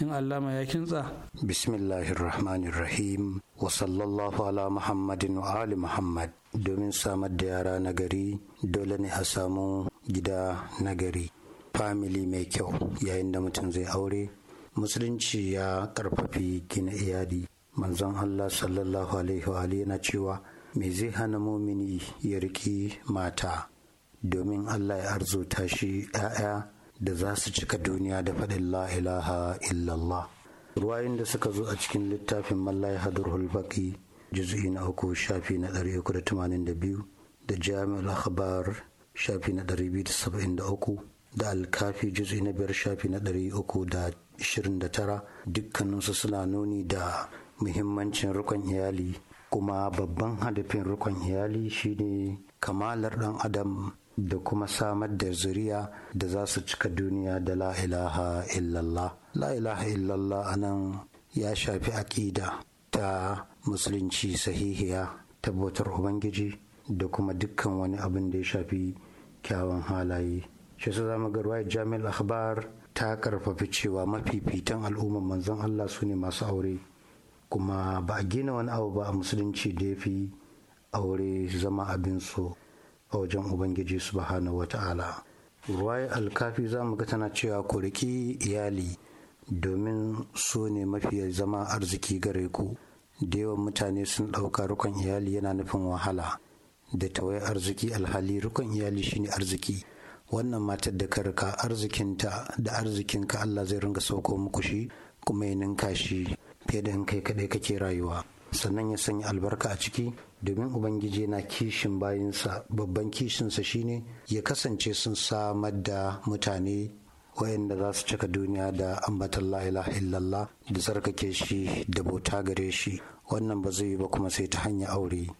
[SPEAKER 4] in allama ya kintsa
[SPEAKER 8] bismillahirrahmanirrahim wa sallallahu ala muhammadin wa ali muhammad domin samar da yara nagari dole ne a samu gida nagari famili mai kyau yayin da mutum zai aure musulunci ya karfafi gina iyali manzon allah sallallahu alaihi wa yana cewa me zai hana mumini ya riki mata domin allah ya arzuta shi 'ya'ya da za su cika duniya da faɗin la ilaha illallah ruwayin da suka zo a cikin littafin mallai hadur hulbaki juz'i na uku shafi na ɗari uku da tamanin da biyu da jami'ul akhbar shafi na ɗari biyu da saba'in da uku da alkafi juzi na biyar shafi na ɗari uku da ishirin da tara dukkaninsu suna nuni da muhimmancin rukun iyali kuma babban hadafin rukun iyali shine kamalar ɗan adam da kuma samar da zuriya da za su cika duniya da la ilaha illallah la ilaha illallah anan ya shafi aƙida ta musulunci sahihiya tabbatar ubangiji da kuma dukkan wani abin da ya shafi kyawun halaye shi su zama ga jami'ar akhbar ta karfafi cewa mafifitan al'ummar manzon allah su ne masu aure kuma ba a gina wani abu ba a musulunci da ya fi aure zama abin so a wajen ubangiji wata wata'ala Ruwaya alkafi za mu ga tana cewa ku riki iyali domin su ne mafi zama arziki gare ku da yawan mutane sun ɗauka rukun iyali yana nufin wahala da tawaye arziki alhali rukun iyali shine arziki wannan matar da ka rika arzikinta da arzikinka Allah zai ringa sauko muku shi kuma ya ninka shi fiye da kai kaɗai kake rayuwa sannan ya sanya albarka a ciki domin ubangiji yana kishin bayansa babban kishinsa shine ya kasance sun samar da mutane wayanda za su cika duniya da ambatan la ilaha illallah da sarkake shi da bauta gare shi wannan ba zai yi ba kuma sai ta hanyar aure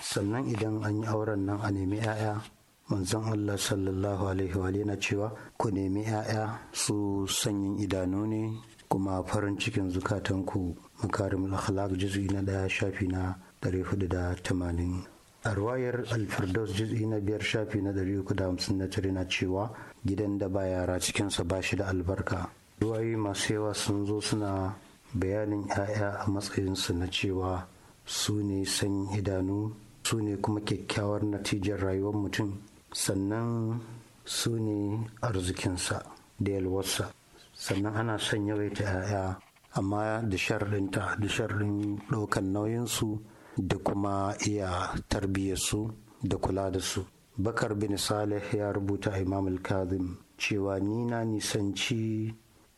[SPEAKER 8] sannan idan an yi auren nan a nemi 'ya'ya manzon Allah sallallahu alaihi wa na cewa ku nemi 'ya'ya su sanyin idanu ne kuma farin cikin zukatanku al akhlaq juz'i na daya shafi na 480 a ruwayar alfirdaus juz'i na biyar shafi na 359 na cewa gidan da ba yara cikinsa ba shi da albarka ruwayi masu yawa sun zo suna bayanin 'ya'ya a matsayinsu na cewa su ne sanyin idanu su ne kuma kyakkyawar natijar rayuwar mutum sannan su ne arzikinsa da yalwarsa sannan ana son yawaita 'ya'ya amma da sharrinta da sharrin ɗaukar nauyinsu da kuma iya tarbiyyarsu da kula da su bakar bin salih ya rubuta imam al-kazim cewa ni na nisanci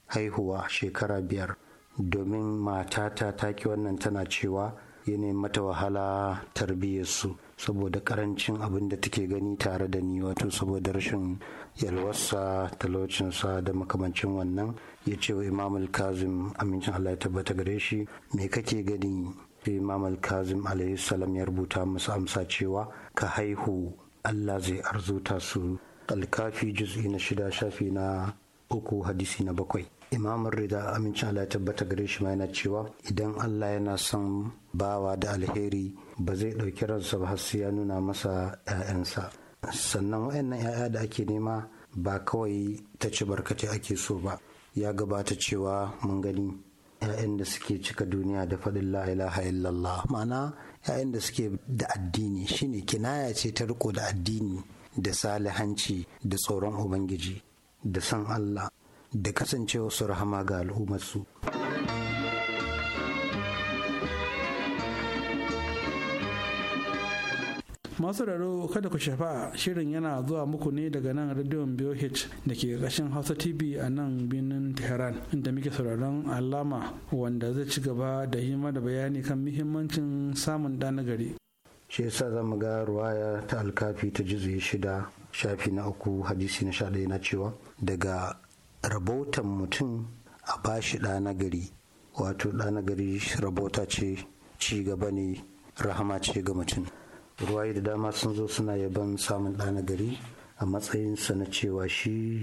[SPEAKER 8] haihuwa shekara biyar domin matata ta ki wannan tana cewa yanayin mata wahala tarbiyyarsu saboda karancin abin da take gani tare da ni wato saboda rashin yalwarsa talaucinsa da makamancin wannan ya ce wa imam kazim amincin allah ya tabbata gare shi me kake gani imam al-kazim alayhi salam ya rubuta masu amsa cewa ka haihu allah zai arzuta su alkafi juz'i na shida shafi na uku hadisi na bakwai imamun rida amincin Allah ya tabbata gare shi ma yana cewa idan Allah yana son bawa da alheri ba zai ɗauki ransa ba sai ya nuna masa 'ya'yansa sannan wayannan 'ya'ya da ake nema ba kawai ta ci barkatai ake so ba ya gabata cewa mun gani 'ya'yan da suke cika duniya da faɗin la ilaha illallah ma'ana 'ya'yan da suke da addini shine kinaya ce ta riko da addini da salihanci da tsoron ubangiji da san Allah da kasancewa su rahama ga
[SPEAKER 4] al'ummarsu. masu raro kada ku shafa shirin yana zuwa muku ne daga nan radiyon BOH da ke ƙarshen Hausa TV a nan birnin Tehran inda muke sauraron alama wanda zai ci gaba da yi da bayani kan muhimmancin samun da na gari.
[SPEAKER 8] Shi yasa za mu ga ruwaya ta alkafi ta jizuyi shida shafi na uku hadisi na sha na cewa daga Rabotan mutum a bashi ɗa nagari wato ɗa nagari gari ce ci gaba ne rahama ce ga mutum ruwaye da dama sun zo suna yaban samun ɗa nagari gari a matsayinsa na cewa shi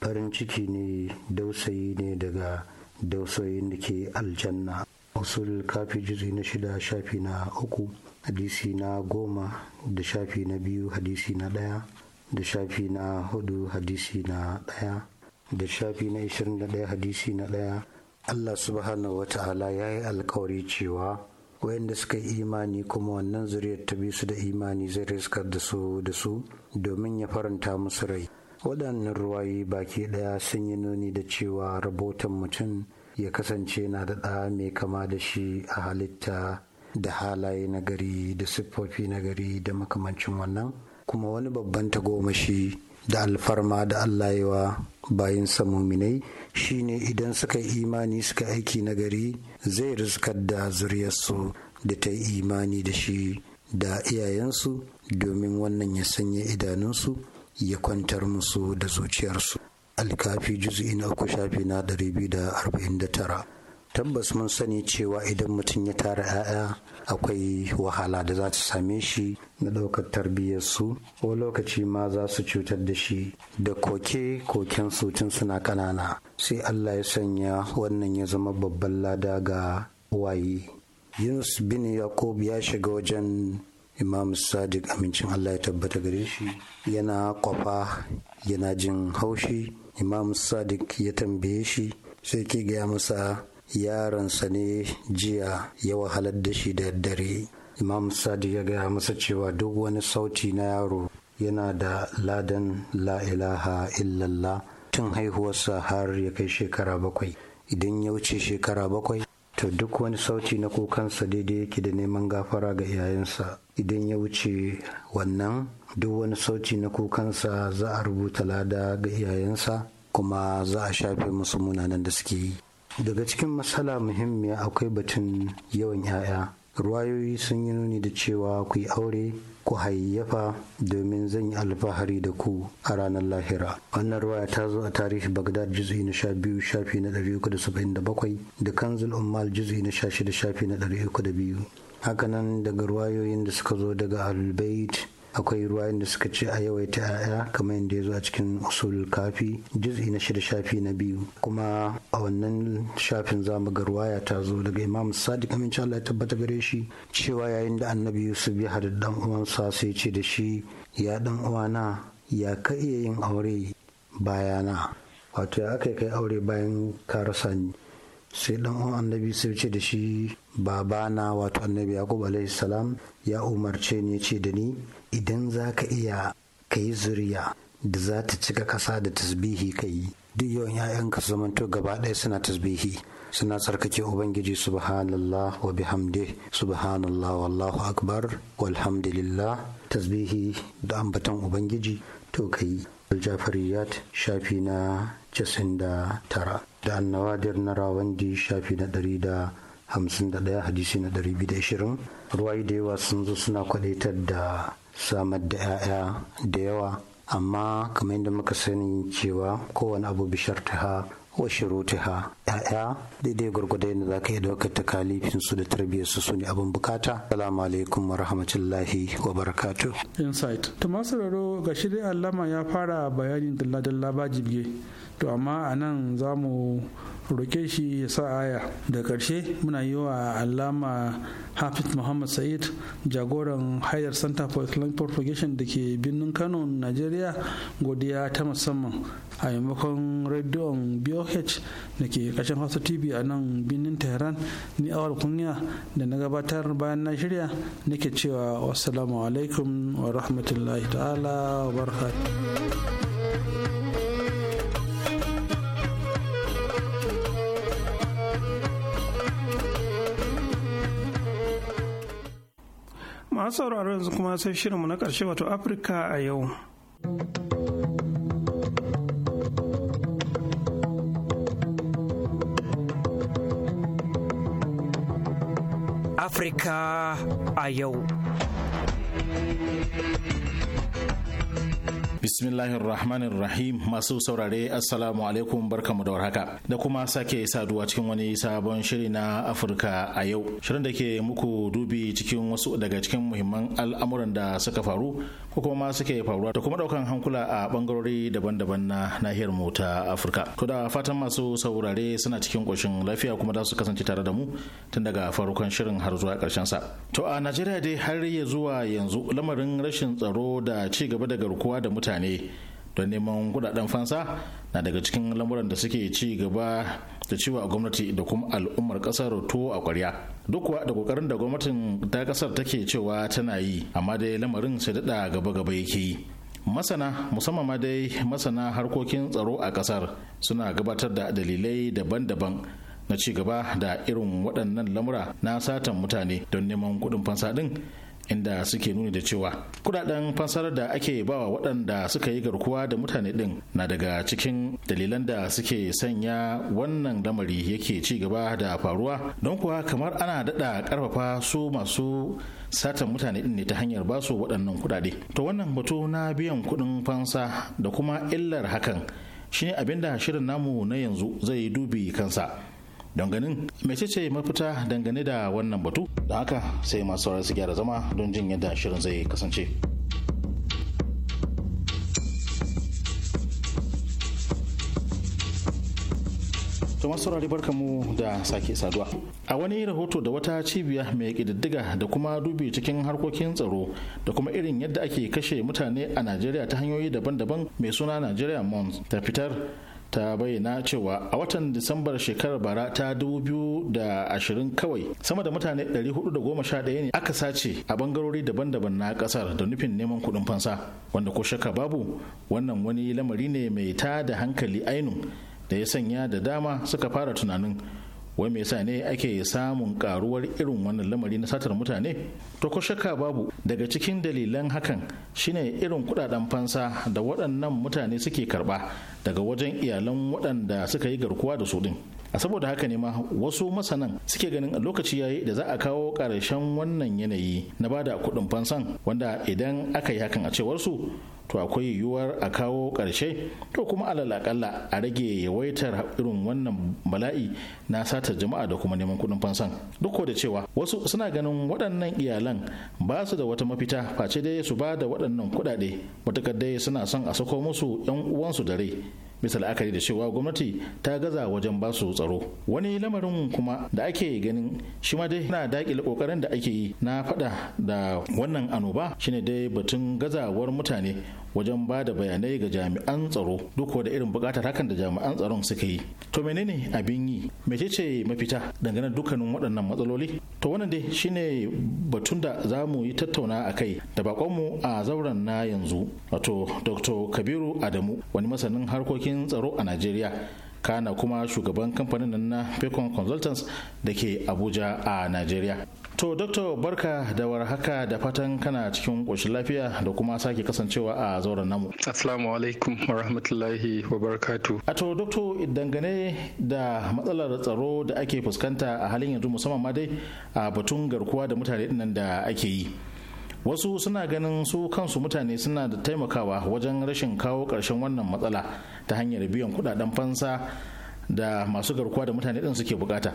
[SPEAKER 8] farin ciki ne dausayi ne daga dausayin da ke aljanna usul kafi juzi na shida shafi na uku hadisi na goma da shafi na biyu hadisi na ɗaya da shafi na hudu hadisi na ɗaya da shafi na 21 hadisi na ɗaya Allah subhanahu wa ta'ala ya yi alkawari cewa wayanda suka yi imani kuma wannan zuriyar ta bi su da imani zai riskar da su da su domin ya faranta musu rai waɗannan ruwayi baki ɗaya sun yi nuni da cewa rabotan mutum ya kasance na da ɗa mai kama da shi a halitta da halaye na gari da siffofi na gari da makamancin wannan kuma wani babban tagomashi da alfarma da Allah yawa bayin samuminai ne idan suka yi imani suka aiki nagari zai riskar da zuriyarsu da ta yi imani da shi da iyayensu domin wannan ya sanya idanunsu ya kwantar musu da zuciyarsu alkafi juz'i na uku shafi na 249 tabbas mun sani cewa idan mutum ya tara 'ya'ya akwai wahala da za ta same shi na ɗaukar su. ko lokaci ma za su cutar da shi da koke koken su tun suna ƙanana sai allah ya sanya wannan ya zama babban lada ga waye yunus bin yakub ya shiga wajen imam sadiq amincin allah ya tabbata gare shi yana kwafa yana jin haushi imam sadiq ya tambaye shi sai ke gaya masa yaransa ne jiya ya wahalar da shi da dare imam sadi ya gaya masa cewa duk wani sauti na yaro yana da ladan la ilaha illallah tun haihuwarsa har ya kai shekara bakwai idan ya wuce shekara bakwai to duk wani sauti na kukansa daidai yake da neman gafara ga iyayensa idan ya wuce wannan duk wani sauti na kukansa za a rubuta lada ga iyayensa kuma za a shafe musu munanan da suke yi daga cikin matsala muhimmiya akwai batun yawan 'ya'ya ruwayoyi sun yi nuni da cewa ku yi aure ku hayyafa domin zan yi alfahari da ku a ranar lahira wannan ruwaya ta zo a tarihi bagdad jizu na sha biyu shafi na ɗari uku da saba'in da bakwai da kanzul ummal jizu na sha shida shafi na ɗari uku da biyu hakanan daga ruwayoyin da suka zo daga albait akwai ruwa inda suka ce a yawaita 'ya'ya kamar yadda ya zo a cikin usul kafi juz'i na shida shafi na biyu kuma a wannan shafin zamu ga ruwaya ta zo daga imam sadiq amin Allah ya tabbata gare shi cewa yayin da annabi yusuf ya haɗa dan uwansa sai ce da shi ya dan uwana ya ka iya yin aure bayana wato ya aka kai aure bayan ka rasa ni sai dan uwan annabi sai ce da shi babana wato annabi yaqub alaihi salam ya umarce ni ce da ni idan za ka iya ka yi zuriya da za ta cika kasa da tasbihi ka yi duk yawan 'ya'yanka su zamanto gaba ɗaya suna tasbihi suna tsarkake ubangiji subhanallah wa bihamdi subhanallah wallahu akbar walhamdulillah tasbihi da ambaton ubangiji to ka aljafariyat shafi na tara. da annawadir na rawandi shafi na ɗari da hamsin da ɗaya hadisi na ɗari biyu da ashirin ruwai da yawa sun zo suna kwadaitar da samar da 'ya'ya da yawa amma kamar yadda muka sani cewa kowane abu bishar ta ha, wa ha, ya'ya daidai gwargwada yadda za ka iya ɗaukar takalifin su da tarbiyyar su su ne abin bukata salamu alaikum wa rahmatullahi wa barakatu
[SPEAKER 4] insight to masu ga shirin allama ya fara bayanin dalla-dalla ba jibge to amma a nan za mu roƙe shi ya sa aya da ƙarshe muna yi wa alama hafiz muhammad sa'id jagoran hayar center for islamic propagation da ke birnin kano nigeria godiya ta musamman a maimakon rediyon boh da ke ƙarshen hausa tv a nan birnin tehran ni awal kunya da na gabatar bayan na shirya nake cewa wasu alaikum wa rahmatullahi ta'ala wa barakatuh
[SPEAKER 1] masu sauraro yanzu kuma sai shirinmu na ƙarshe wato afirka a yau
[SPEAKER 2] afirka a yau
[SPEAKER 3] Rahim masu saurare assalamu alaikum barkamu da warhaka da kuma sake saduwa cikin wani sabon shiri na Afirka a yau. Shirin da ke muku dubi cikin wasu daga cikin muhimman al'amuran da suka faru ko kuma suke faruwa da kuma daukan hankula a bangarori daban-daban na nahiyar mu ta Afirka. To da fatan masu saurare suna cikin koshin lafiya kuma za su kasance tare da mu tun daga farkon shirin har zuwa karshen sa. To a Najeriya dai har ya zuwa yanzu lamarin rashin tsaro da ci gaba da garkuwa da mutane mutane don neman kudaden fansa na daga cikin lamuran da suke ci gaba da ciwa a gwamnati da kuma al'ummar kasar to a kwarya duk kuwa da kokarin da gwamnatin ta kasar take cewa tana yi amma dai lamarin sai dada gaba gaba yake yi masana musamman ma dai masana harkokin tsaro a kasar suna gabatar da dalilai daban-daban na ci gaba da irin waɗannan lamura na satan mutane don neman kuɗin fansa ɗin inda suke nuni da cewa kudaden fansar da ake bawa waɗanda suka yi garkuwa da mutane ɗin na daga cikin dalilan da suke sanya wannan lamari yake ci gaba da faruwa don kuwa kamar ana daɗa ƙarfafa su masu satan mutane ɗin ne ta hanyar ba su waɗannan kuɗaɗe to wannan batu na biyan kuɗin fansa da kuma illar hakan shine abinda shirin namu na yanzu zai dubi kansa don ganin ce mafita dangane da wannan batu da haka sai masu saurari su gyara zama don jin yadda shirin zai kasance saurari barka mu da sake saduwa. A wani rahoto da wata cibiya mai ƙididdiga da kuma dubi cikin harkokin tsaro da kuma irin yadda ake kashe mutane a Najeriya ta hanyoyi daban-daban mai suna Najeriya Mons ta fitar ta bayyana cewa a watan disambar shekarar bara ta 2020 kawai sama da mutane 411 ne aka sace a bangarori daban-daban na kasar da nufin neman kudin fansa wanda ko shaka babu wannan wani lamari ne mai ta da hankali ainu da ya sanya da dama suka fara tunanin wai me yasa ne ake samun karuwar irin wannan lamari na satar mutane to ko shakka babu daga cikin dalilan hakan shine irin kudaden fansa da waɗannan mutane suke karba daga wajen iyalan waɗanda suka yi garkuwa da su din a saboda haka ne ma wasu masanan suke ganin a lokaci yayi da za a kawo ƙarshen wannan yanayi na bada kuɗin fansan wanda idan aka yi hakan a cewar su to akwai yiwuwar a kawo ƙarshe to kuma alal a rage yawaitar irin wannan bala'i na satar jama'a da kuma neman kuɗin fansan duk da cewa wasu suna ganin waɗannan iyalan ba su da wata mafita face dai su ba da waɗannan kuɗaɗe matakar dai suna son a sako musu 'yan uwansu da rai bisa la'akari da cewa gwamnati ta gaza wajen ba su tsaro wani lamarin kuma da ake ganin shi ma dai na daƙile ƙoƙarin da ake yi na faɗa da wannan annoba shine dai batun gazawar mutane wajen ba da bayanai ga jami'an tsaro duk da irin bukatar hakan da jami'an tsaron suka yi to menene abin yi mecece mafita dangane dukkanin waɗannan matsaloli to wannan dai shine batun da za mu yi tattauna a kai da mu a zauren na yanzu wato dr kabiru adamu wani masanin harkokin tsaro a najeriya kana kuma shugaban kamfanin na pecon consultants da ke abuja a najeriya To Dr. Barka da warhaka da fatan kana cikin ƙoshin lafiya da kuma sake kasancewa a zauren namu. Assalamu alaikum wa rahmatullahi wa barakatu. A to Dr. dangane da matsalar tsaro da ake fuskanta a halin yanzu musamman ma dai a batun garkuwa da mutane dinnan da ake yi. Wasu suna ganin su kansu mutane suna da taimakawa wajen rashin kawo ƙarshen wannan matsala ta hanyar biyan kuɗaɗen fansa da masu garkuwa da mutane din suke bukata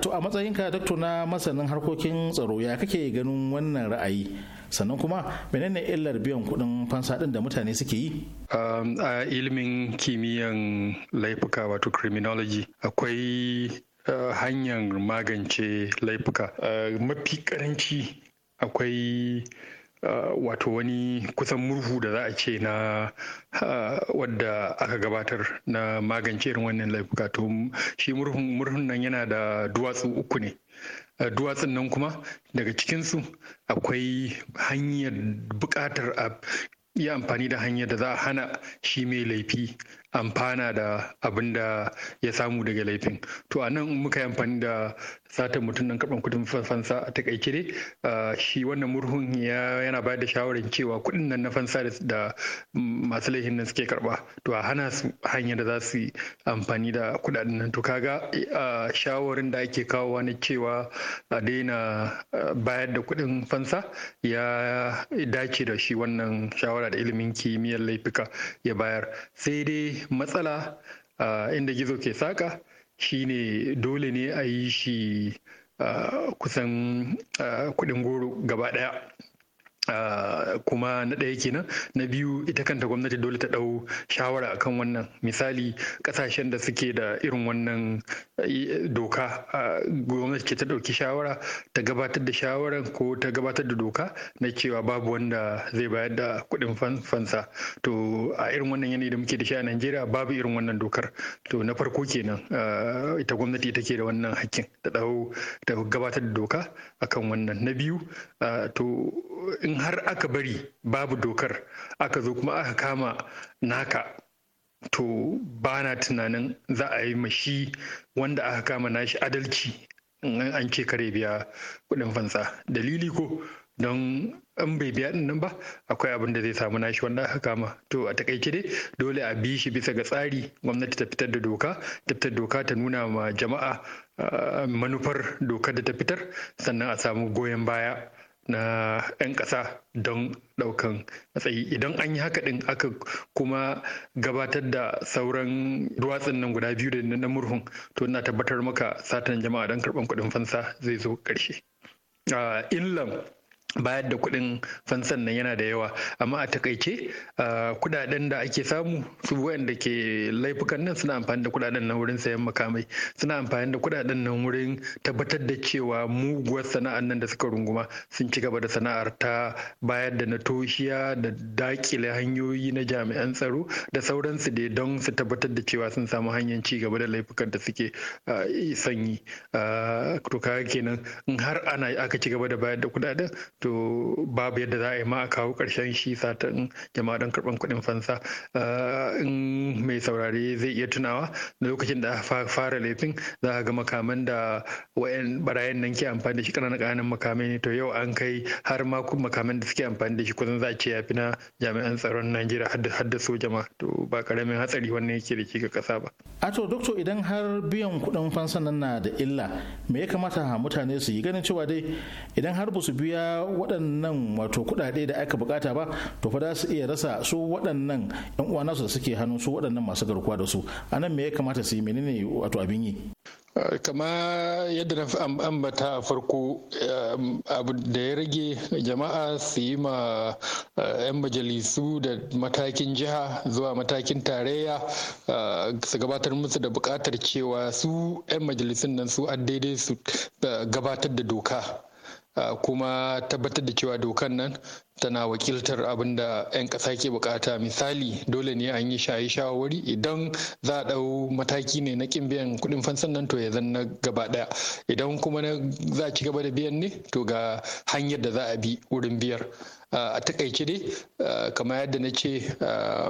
[SPEAKER 3] to a matsayinka doktor na masanin harkokin tsaro ya kake ganin wannan ra'ayi sannan kuma menene illar biyan kuɗin fansa ɗin da mutane suke yi um,
[SPEAKER 9] a ilimin kimiyyan laifuka wato criminology akwai uh, hanyar magance laifuka uh, mafi karanci akwai Uh, wato wani kusan murhu da za a ce na uh, wadda aka gabatar na magance irin wannan laifuka to shi murhun nan yana da duwatsu uku ne uh, duwatsun nan kuma daga cikinsu akwai hanyar buƙatar a yi amfani da hanyar da za a hana shi mai laifi amfana da abin da ya samu daga laifin to a nan muka yi amfani da satar mutum nan karɓar kudin fansa a takaice dai shi wannan murhun yana bayar da shawarar cewa kuɗin nan na fansa da masu laifin nan suke karɓa to a hana su hanyar da za su amfani da kuɗaɗen nan to kaga shawarin da ake kawowa na cewa a daina bayar da kudin fansa ya dace da shi wannan shawarar shawara da ilimin kimiyyar laifuka ya bayar sai dai matsala inda gizo ke saka shine dole ne a yi shi kusan kudin goro gaba daya Ah, kuma na ɗaya kenan na biyu ita kanta gwamnati dole ta ɗau shawara akan wannan misali ƙasashen da suke da irin wannan eh, doka ah, gwamnati ke ta ɗauki shawara ta gabatar da shawaran ko ta gabatar da doka na cewa babu wanda zai bayar da kuɗin fansa to a irin wannan yanayi da muke da shi a najeriya babu irin wannan dokar to na farko kenan ah, ita gwamnati take da wannan hakkin ta ɗau ta gabatar da doka akan wannan na biyu to in har aka bari babu dokar aka zo kuma aka kama naka to ba na tunanin za a yi mashi wanda aka kama nashi adalci in an ce kare biya kudin fansa dalili ko don in bai biya nan ba akwai abin da zai samu nashi wanda aka kama to a takaice dai dole a bi shi bisa ga tsari gwamnati ta fitar da doka ta fitar doka ta nuna ma jama'a ah, manufar dokar da ta fitar sannan a samu goyon baya na 'yan ƙasa don ɗaukan matsayi idan an yi haka ɗin aka kuma gabatar da sauran duwatsun nan guda biyu da na murhun to na tabbatar maka satan jama'a don karɓan kuɗin fansa zai zo ƙarshe. Uh, ah, inlam bayar da kuɗin fansan nan yana da yawa amma a takaice kudaden da ake samu su wayanda ke laifukan nan suna amfani da kudaden nan wurin sayan makamai suna amfani da kudaden nan wurin tabbatar da cewa muguwar sana'ar nan da suka runguma sun ci gaba da sana'ar ta bayar da na toshiya da dakile hanyoyi na jami'an tsaro da sauransu dai don su tabbatar da cewa sun samu hanyar ci gaba da laifukan da suke sanyi to kaga kenan in har ana aka ci gaba da bayar da kudaden? to babu yadda za a yi ma a kawo ƙarshen shi satan jama'a don karɓar kuɗin fansa eh, in mai saurare zai iya tunawa lokacin da fara laifin za a ga makaman da wayan barayan nan ke amfani da shi ƙananan ƙananan makamai ne to yau an kai har ma makaman da suke amfani da shi kusan za a ce ya fi na jami'an tsaron najeriya hadda hadda so ma to ba ƙaramin hatsari wannan yake da shi ga kasa ba.
[SPEAKER 3] a to doctor idan har biyan kuɗin fansa nan na da illa me ya kamata mutane su yi ganin cewa dai idan har ba su biya babu waɗannan wato kuɗaɗe da aka bukata ba to fa za su iya rasa su waɗannan yan uwa nasu da suke hannu su waɗannan masu garkuwa da su anan me ya kamata su yi menene wato abin yi eh,
[SPEAKER 9] kama yadda na ambata a farko eh, abu da ya rage jama'a su yi ma eh, 'yan majalisu da matakin jiha zuwa matakin tarayya su gabatar musu da bukatar cewa su 'yan majalisun nan su daidai su gabatar da doka Ah, kuma tabbatar da cewa dokan nan tana wakiltar abin da 'yan ƙasa ke bukata misali dole ne an yi shaye shawarwari idan za a ɗau mataki ne na ƙin biyan kuɗin fansan nan to ya zanna na gaba ɗaya idan kuma na za a ci gaba da biyan ne to ga hanyar da za a bi wurin biyar a takaice dai kamar yadda na ce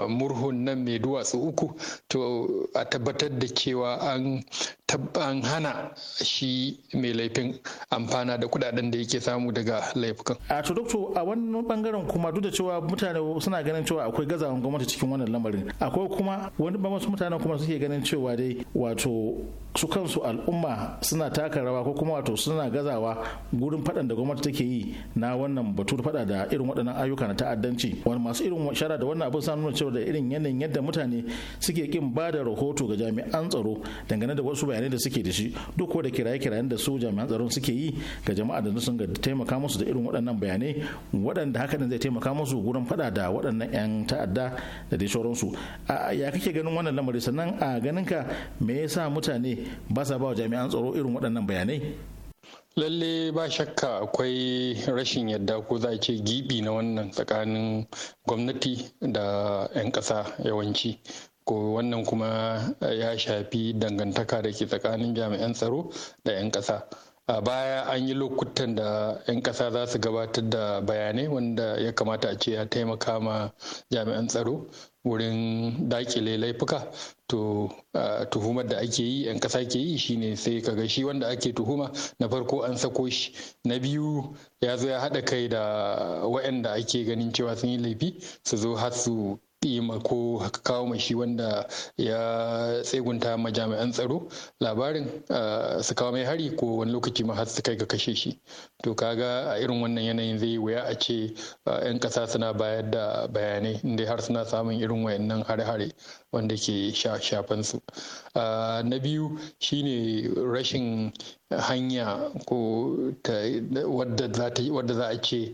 [SPEAKER 9] murhun nan mai duwatsu uku to a tabbatar da cewa an hana shi mai laifin amfana da kudaden da yake samu daga laifukan.
[SPEAKER 3] a to a wannan bangaren kuma duk da cewa mutane suna ganin cewa akwai gazawan gwamnati cikin wannan lamarin akwai kuma wani ba wasu mutanen kuma suke ganin cewa dai wato su kansu al'umma suna taka rawa ko kuma wato suna gazawa gurin faɗan da gwamnati take yi na wannan batu faɗa da irin waɗannan ayyuka na ta'addanci wani masu irin shara da wannan abin sa nuna cewa da irin yanayin yadda mutane suke kin ba da rahoto ga jami'an tsaro dangane da wasu bayanai da suke da shi duk da kiraye-kirayen da su jami'an tsaron suke yi ga jama'a da sun ga taimaka musu da irin waɗannan bayanai waɗanda haka haka zai taimaka musu gurin fada da waɗannan 'yan ta'adda da dai sauransu a ya kake ganin wannan lamari sannan a ganin ka me yasa mutane ba sa ba wa jami'an tsaro irin waɗannan bayanai
[SPEAKER 9] lalle ba shakka akwai rashin yadda ko za ce gibi na wannan tsakanin gwamnati da 'yan ƙasa yawanci ko wannan kuma ya shafi dangantaka da ke tsakanin jami'an tsaro da 'yan ƙasa a baya an yi lokutan da 'yan kasa za su gabatar da bayanai wanda ya kamata a ce ya taimaka ma jami'an tsaro wurin dakile laifuka to tuhumar da ake yi 'yan kasa ke yi shine sai kaga shi wanda ake tuhuma na farko an sako shi na biyu ya zo ya haɗa kai da waɗanda ake ganin cewa sun yi laifi su zo har su ma ko kawo ma shi wanda ya tsegunta ma jami'an tsaro labarin su kawo mai hari ko wani lokaci ma har su kai ga kashe shi to kaga a irin wannan yanayin zai wuya a ce 'yan ƙasa suna bayar da bayanai inda har suna samun irin wayannan hare-hare wanda ke shafan su na biyu shine rashin hanya ko wadda za a ce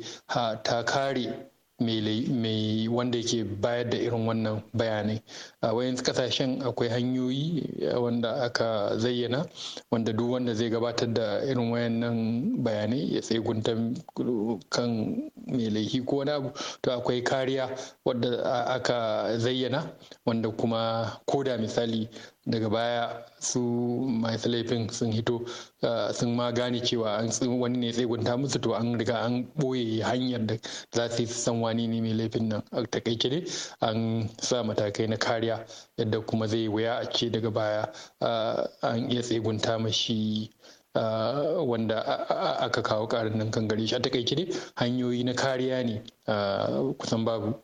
[SPEAKER 9] ta kare mai wanda yake bayar da irin wannan bayanai a wayan kasashen akwai hanyoyi eh, wanda aka zayyana wanda duk wanda zai gabatar da irin wayannan bayanai ya tsegunta kan mai ko wani abu to akwai kariya wadda aka zayyana wanda kuma koda misali daga baya su masu laifin sun hito eh, sun ma gane cewa an wani ne tsegunta musu to an riga an ɓoye hanyar da za su san wani ne mai laifin nan a takaice ne an sa matakai na kariya kariya yadda kuma zai wuya a ce daga baya an iya tsegunta mashi wanda aka kawo karin nan kan gare shi a takaice dai hanyoyi na kariya ne kusan babu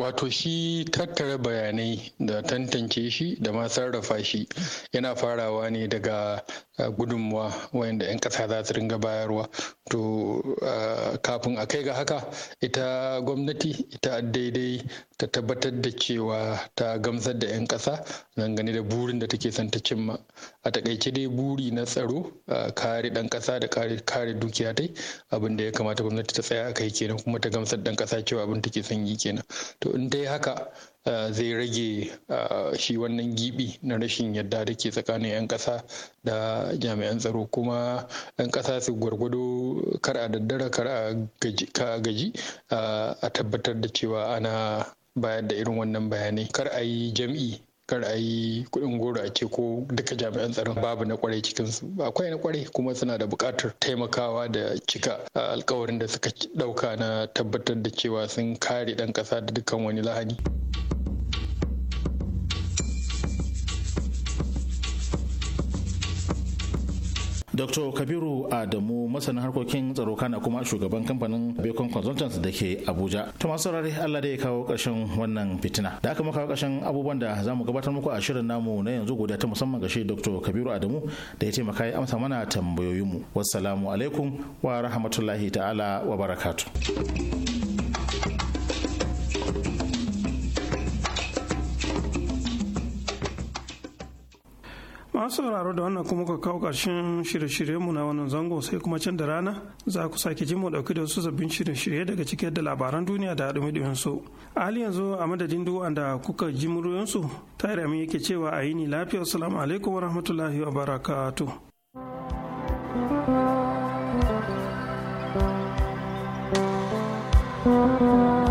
[SPEAKER 9] Wato shi tattara bayanai da tantance shi da ma sarrafa shi yana farawa ne daga gudunmuwa wayanda 'yan ƙasa za su ringa bayarwa. To kafin a kai ga haka ita gwamnati ita daidai ta tabbatar da cewa ta gamsar da 'yan ƙasa dangane da burin da take son ta cimma a takaice dai buri na tsaro a kare dan kasa da kare dukiya dai abin da ya kamata gwamnati ta tsaya kai kenan kuma ta gamsar dan kasa cewa abin take son yi kenan to in dai haka zai rage shi wannan gibi na rashin yadda da ke tsakanin 'yan ƙasa da jami'an tsaro kuma 'yan ƙasa su gwargwado kar a daddara kar a gaji a tabbatar da cewa ana bayar da irin wannan bayanai kar a yi jam'i kar a yi kuɗin goro a ce ko duka jami'an tsaron babu na kwarai cikin su akwai na kwarai kuma suna da buƙatar taimakawa da cika alkawarin da suka ɗauka na tabbatar da cewa sun kare ɗan ƙasa da dukkan wani lahani.
[SPEAKER 3] dr kabiru adamu masanin harkokin tsaro kana kuma shugaban kamfanin bacon consultants da ke abuja ta masu saurari allah da ya kawo ƙarshen wannan fitina da aka maka ƙarshen abubuwan da za mu gabatar muku a shirin namu na yanzu guda ta musamman ga shi dr kabiru adamu da ya taimaka ya amsa mana tambayoyinmu wassalamu alaikum wa rahmatullahi ta'ala wa barakatu.
[SPEAKER 1] masu sauraro da wannan kuma ka kawo ƙarshen shirye mu na wannan zango sai kuma can da rana za ku sake ji mu ɗauki da wasu sabbin shirye-shirye daga cikin da labaran duniya da haɗu haɗin su a hali yanzu a madadin duk wanda kuka ji muryoyinsu tare amin yake cewa a yi ni lafiya assalamu alaikum wa rahmatullahi wa barakatu
[SPEAKER 10] thank you